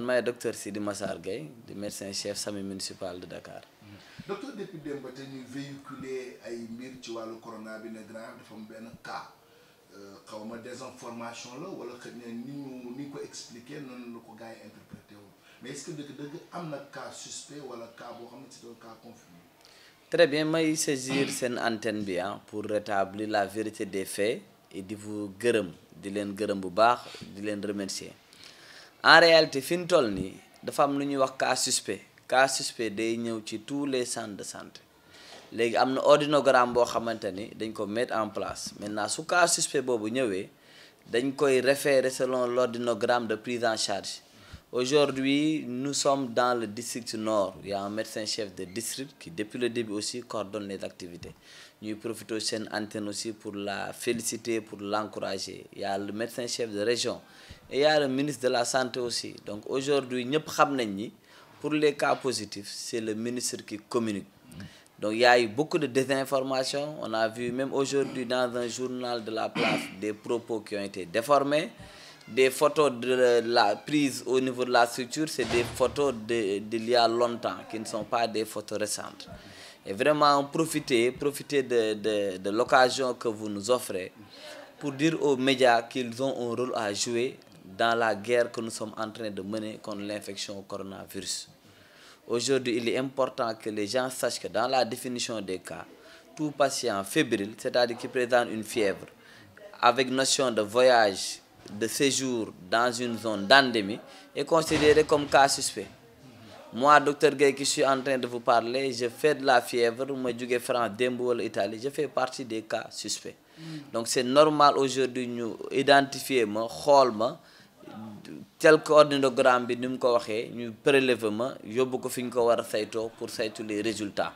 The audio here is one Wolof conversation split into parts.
man maay docteur Sidi Massar Gueye di médecin chef SAMU municipal de Dakar. docteur depuis demba te ñuy véhiculer ay mbir ci wàllu corona bi ne grave dafa am benn cas euh, xaw ma désinformation la wala xëñ ni ñu ni ko expliquer non la ko gars yi interprété mais est-ce que deug dëgg am cas suspect wala cas bo xamné c'est un cas confirmé. très bien may saisir seen antenne bi ah pour rétablir la vérité des faits et de vous gërëm di leen gërëm bu baax di leen remercier. en réalité fi ñu toll nii dafa am lu ñuy wax cas suspect cas suspect day ñëw ci tous les centres de santé léegi am na ordinogramme boo xamante ni dañ ko mettre en place maintenant su cas suspect boobu ñëwee dañ koy référer selon l'ordinogramme de prise en charge Aujourd'hui, nous sommes dans le district nord. Il y a un médecin-chef de district qui, depuis le début aussi, coordonne les activités. Nous profitons de antenne aussi pour la féliciter, pour l'encourager. Il y a le médecin-chef de région et il y a le ministre de la Santé aussi. Donc aujourd'hui, nous savons pour les cas positifs, c'est le ministre qui communique. Donc il y a eu beaucoup de désinformation. On a vu même aujourd'hui dans un journal de la place des propos qui ont été déformés des photos de la prise au niveau de la structure, c'est des photos d'il y a longtemps, qui ne sont pas des photos récentes. Et vraiment, profitez, profitez de, de, de l'occasion que vous nous offrez pour dire aux médias qu'ils ont un rôle à jouer dans la guerre que nous sommes en train de mener contre l'infection au coronavirus. Aujourd'hui, il est important que les gens sachent que dans la définition des cas, tout patient fébrile, c'est-à-dire qui présente une fièvre, avec notion de voyage de séjour dans une zone d'endémie est considéré comme cas suspect. Moi, docteur Gay, qui suis en train de vous parler, je fais de la fièvre, je Italie, je fais partie des cas suspects. Donc c'est normal aujourd'hui nous identifier ma tel que de bi nous pour les résultats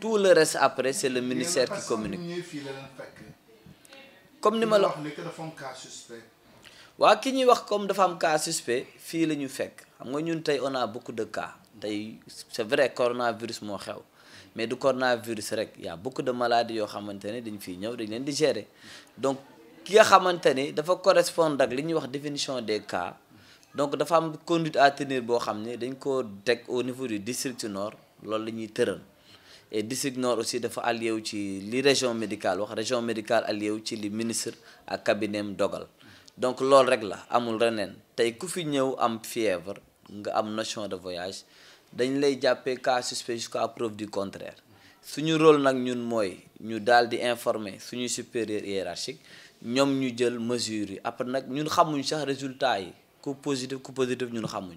tout le reste après c'est le ministère qui communique. comme ni ma la waa ki ñuy wax comme dafa am cas suspect fii la ñu fekk xam nga ñun tey on a beaucoup de cas tey c'est vrai coronavirus moo xew mais du coronavirus rek y a beaucoup de maladies yoo xamante ne dañ fii ñëw dañ leen di gérer donc ki nga xamante ni dafa correspondre ak li ñuy wax définition des cas donc dafa am conduite à tenir boo xam ne dañ koo teg au niveau du district nord loolu la ñuy tëral. et district aussi dafa allié wu ci li région médicale wax région médicale allié ci li ministre ak cabinetem dogal donc lool rek la amul renen tay ku fi ñew am fièvre nga am notion de voyage dañ lay jappé cas suspect jusqu'à preuve du contraire suñu rôle nak ñun moy ñu daal di informer suñu supérieur hiérarchique ñom ñu jël mesures après nak ñun xamuñ sax résultat yi ku positif ku positif ñun xamuñ.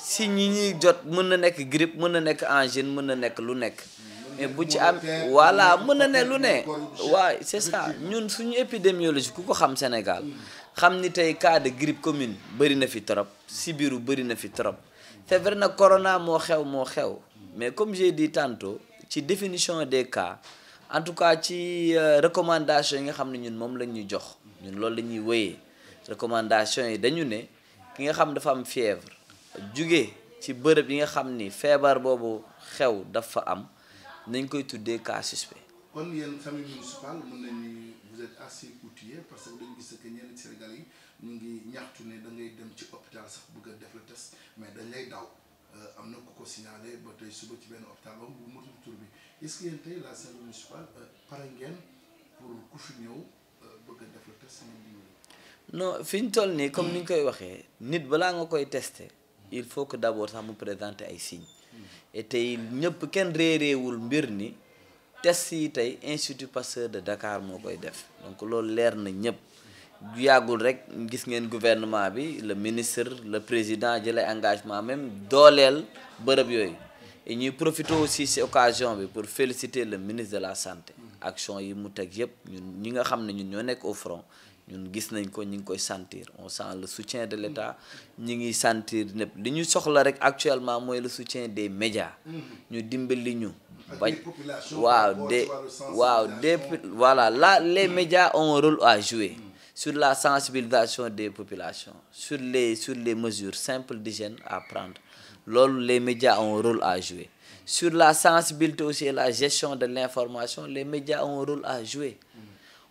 si yi ñuy jot mën na nekk grippe mën na nekk angine mën na nekk lu nekk mais bu ci am voilà mën na ne lu ne waaw c'est ça ñun suñu épidémiologie ku ko xam Sénégal xam ni tey cas de grippe commune bëri na fi trop sibiru bëri na fi trop c'est vrai nag corona moo xew moo xew mais comme j'ai dit tantôt ci définition des cas en tout cas ci euh, recommandation yi nga xam ne ñun moom la ñuy jox ñun loolu la ñuy wéyee recommandation yi dañu ne ki nga xam dafa am fièvre jóge ci bërëb yi nga xam ni feebar boobu xew dafa am nañ koy tuddee cas suspect. kon yéen famille municipale mën nañ ni vous êtes parce que dañu gis yi ñu ngi ñaxtu ne da dem ci hôpital sax bëgg a def le test mais dañ lay daw euh, am na ku ko signalé ba tey suba ci benn hôpital ba bu motul tur bi est-ce que yéen tey la famille municipale euh, pare ngeen pour ku fi ñëw euh, bëgg a def le test ngeen fi ñu toll nii comme ni ñu koy waxee nit balaa nga koy teste il faut que d'abord ça me présente ay signes et tey ñëpp kenn réeréewul mbir ni test yi tey Institut Pasteur de Dakar moo koy def donc lool leer na ñep yàggul rek gis ngeen gouvernement bi le ministre le président jëlee engagement même dolel bërëb yoy et nous profitons aussi cette occasion bi pour féliciter le ministre de la santé action yi mu tek yëpp ñun ñi nga xamné ñun ñoo nekk au front sentir on sent le soutien de l'État on sentir actuellement le soutien des médias Nous mm-hmm. avons ñu voilà là les médias ont un rôle à jouer mm-hmm. sur la sensibilisation des populations sur les sur les mesures simples d'hygiène à prendre les médias ont un rôle à jouer sur la sensibilité aussi et la gestion de l'information les médias ont un rôle à jouer mm-hmm.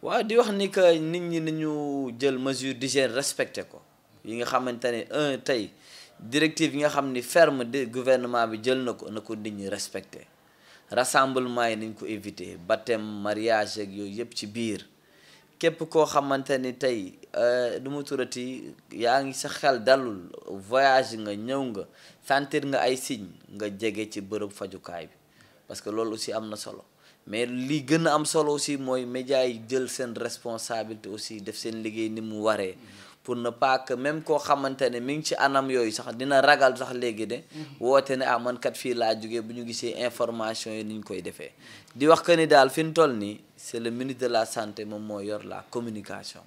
wa di wax ni ka nit ñi nañu jël mesure d'hygiène respecté ko yi nga xamantene un tay directive yi nga xamni ferme de gouvernement bi jël nako nako nit ñi respecté rassemblement yi nañ ko éviter baptême mariage ak yoy yep ci biir képp ko xamantene tay euh du mu turati sa xel dalul voyage nga ñew nga sentir nga ay signe nga jege ci bërëb fajukaay bi parce que lool aussi amna solo mais li gën am solo aussi mooy médias yi jël seen responsabilité aussi def seen liggéey ni mu waree pour ne pas que même koo xamante ne mi ngi ci anam yooyu sax dina ragal sax léegi de woote ne ah man kat fii laa jógee bu ñu gisee information yi ni ñu koy defee di wax que ni daal fi ñu toll nii c'est le ministre de la santé moom moo yor la communication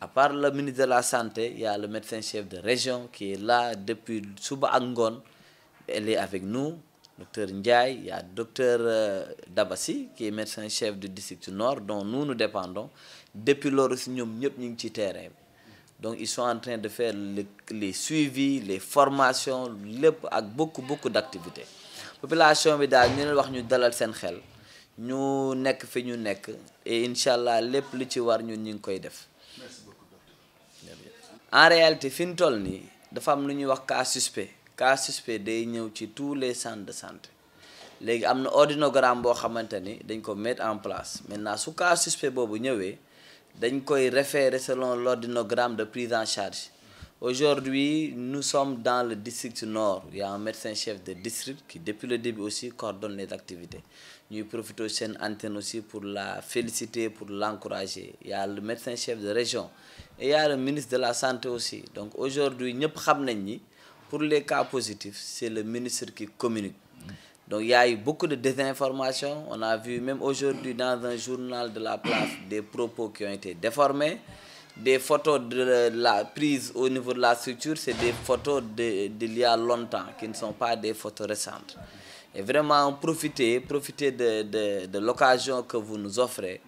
à part le ministre de la santé y a le médecin chef de région qui est là depuis suba ak ngoon elle est avec nous docteur Ndiaye, il y a docteur euh, Dabassi, qui est médecin chef du district Nord, dont nous nous dépendons. Depuis lors, nous sommes tous terrain. Donc, ils sont en train de faire les, suivis, les formations, avec beaucoup, beaucoup d'activités. La population, nous avons dit que nous avons nous nek fi ñu nek et inshallah lepp allons ci war ñun ñing koy merci beaucoup docteur en réalité fi ñu toll ni dafa am lu suspect cas suspect day ci tous les centres de santé légui amna un ordinogramme qui en place maintenant su cas suspect bobu ñëwé dañ koy référer selon l'ordinogramme de prise en charge aujourd'hui nous sommes dans le district nord il y a un médecin chef de district qui depuis le début aussi coordonne les activités profitons de cette antenne aussi pour la féliciter pour l'encourager il y a le médecin chef de région et il y a le ministre de la santé aussi donc aujourd'hui nous xam pour les cas positifs, c'est le ministre qui communique. Donc il y a eu beaucoup de désinformation. On a vu même aujourd'hui dans un journal de la place des propos qui ont été déformés. Des photos de la prise au niveau de la structure, c'est des photos d'il y a longtemps, qui ne sont pas des photos récentes. Et vraiment, profitez, profitez de, de, de l'occasion que vous nous offrez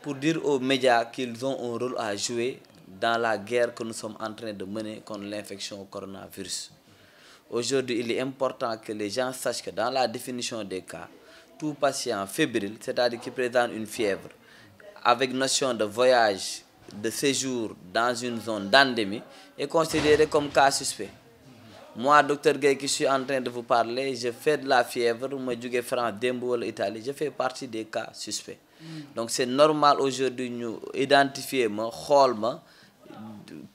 pour dire aux médias qu'ils ont un rôle à jouer dans la guerre que nous sommes en train de mener contre l'infection au coronavirus. Aujourd'hui, il est important que les gens sachent que dans la définition des cas, tout patient fébrile, c'est-à-dire qui présente une fièvre, avec notion de voyage, de séjour dans une zone d'endémie, est considéré comme cas suspect. Moi, docteur Gay, qui suis en train de vous parler, je fais de la fièvre, je suis je fais partie des cas suspects. Mm. Donc c'est normal aujourd'hui nous identifier, moi,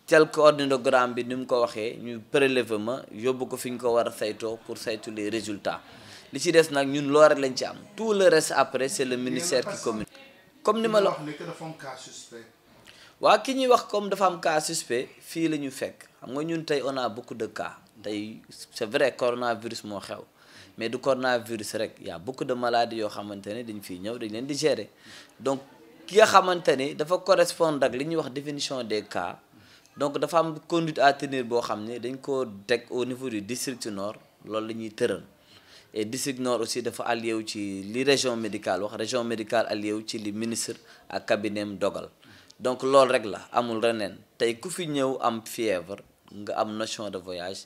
tel que bi nim ko waxee ñu prélèvement yobbu ko fiñ ko wara sayto pour saytu les résultats li ci dess nak ñun loore lañ ci am tout le reste après c'est le ministère qui communique comme ni ma la waa ki ñi wax comme dafa am cas suspect fi lañu fekk xam nga ñun tay on a beaucoup de cas tay c'est vrai coronavirus mo xew mais du coronavirus rek y' a beaucoup de maladies yo xamantene dañ fi ñew dañ leen di gérer donc qui nga important, c'est de correspondre à la définition des cas donc dafa am conduite à tenir dañ au niveau du district nord lors la terrain. Et et district nord aussi est allié wu ci li région médicale wax région médicale allié wu ci li ministre ak dogal donc lors rek la amul renen. tey ku fi am fièvre nga am notion de voyage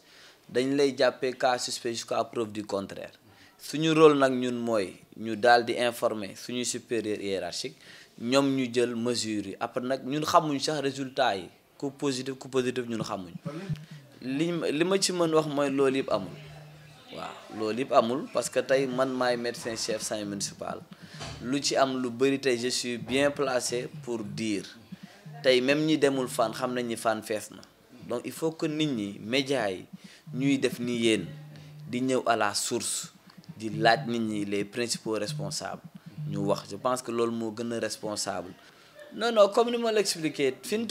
dañ lay des cas suspects jusqu'à preuve du contraire suñu rôle nag ñun rôle, ñu daal di informer suñu supérieur hiérarchique ñom ñu jël mesure yi après nak ñun xamuñ sax résultat yi ku positif ku positif ñun xamuñ li ma ci mën wax mooy loolu yëpp amul waaw loolu yëpp amul parce que tey man maay médecin chef saint municipal lu ci am lu bëri tey je suis bien placé pour dire tey même ñi demul fan xam nañ ni fan fees na donc il faut que nit ñi média yi ñuy def ni yéen di ñëw à la source di laaj nit ñi les principaux responsables je pense que l'homme est qui responsable non non comme je l'ai expliqué, fi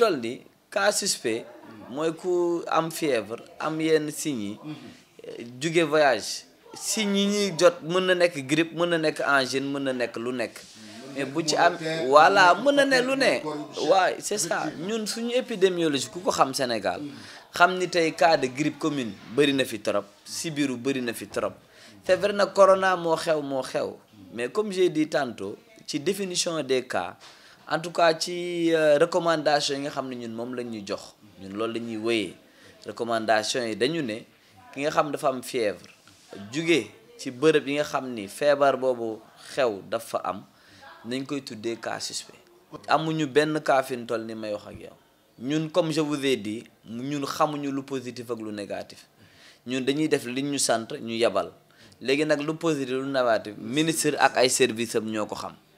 cas suspect mooy ku am fièvre am signe, voyage Signe yi jot grippe angine mais voilà mën na lu c'est ça Nous, sommes épidémiologiques, nous Sénégal cas de grippe commune bari na fi trop sibiru c'est vrai na corona xew mais comme j'ai di tantôt ci définition des cas en tout cas ci euh, recommandation yi nga xam ne ñun moom la ñuy jox ñun loolu lañuy ñuy recommandation yi dañu ne ki nga xam dafa am fièvre jugee ci bërëb yi nga xam ni feebar boobu xew dafa am nañ koy tuddee cas suspect amuñu benn cas toll ni may wax ak yow ñun comme je vous ai dit ñun xamuñu lu positif ak lu négatif ñun dañuy def li ñu sant ñu yebal léegi nag lu positif lu négatif ministre ak ay service am ñoo ko xam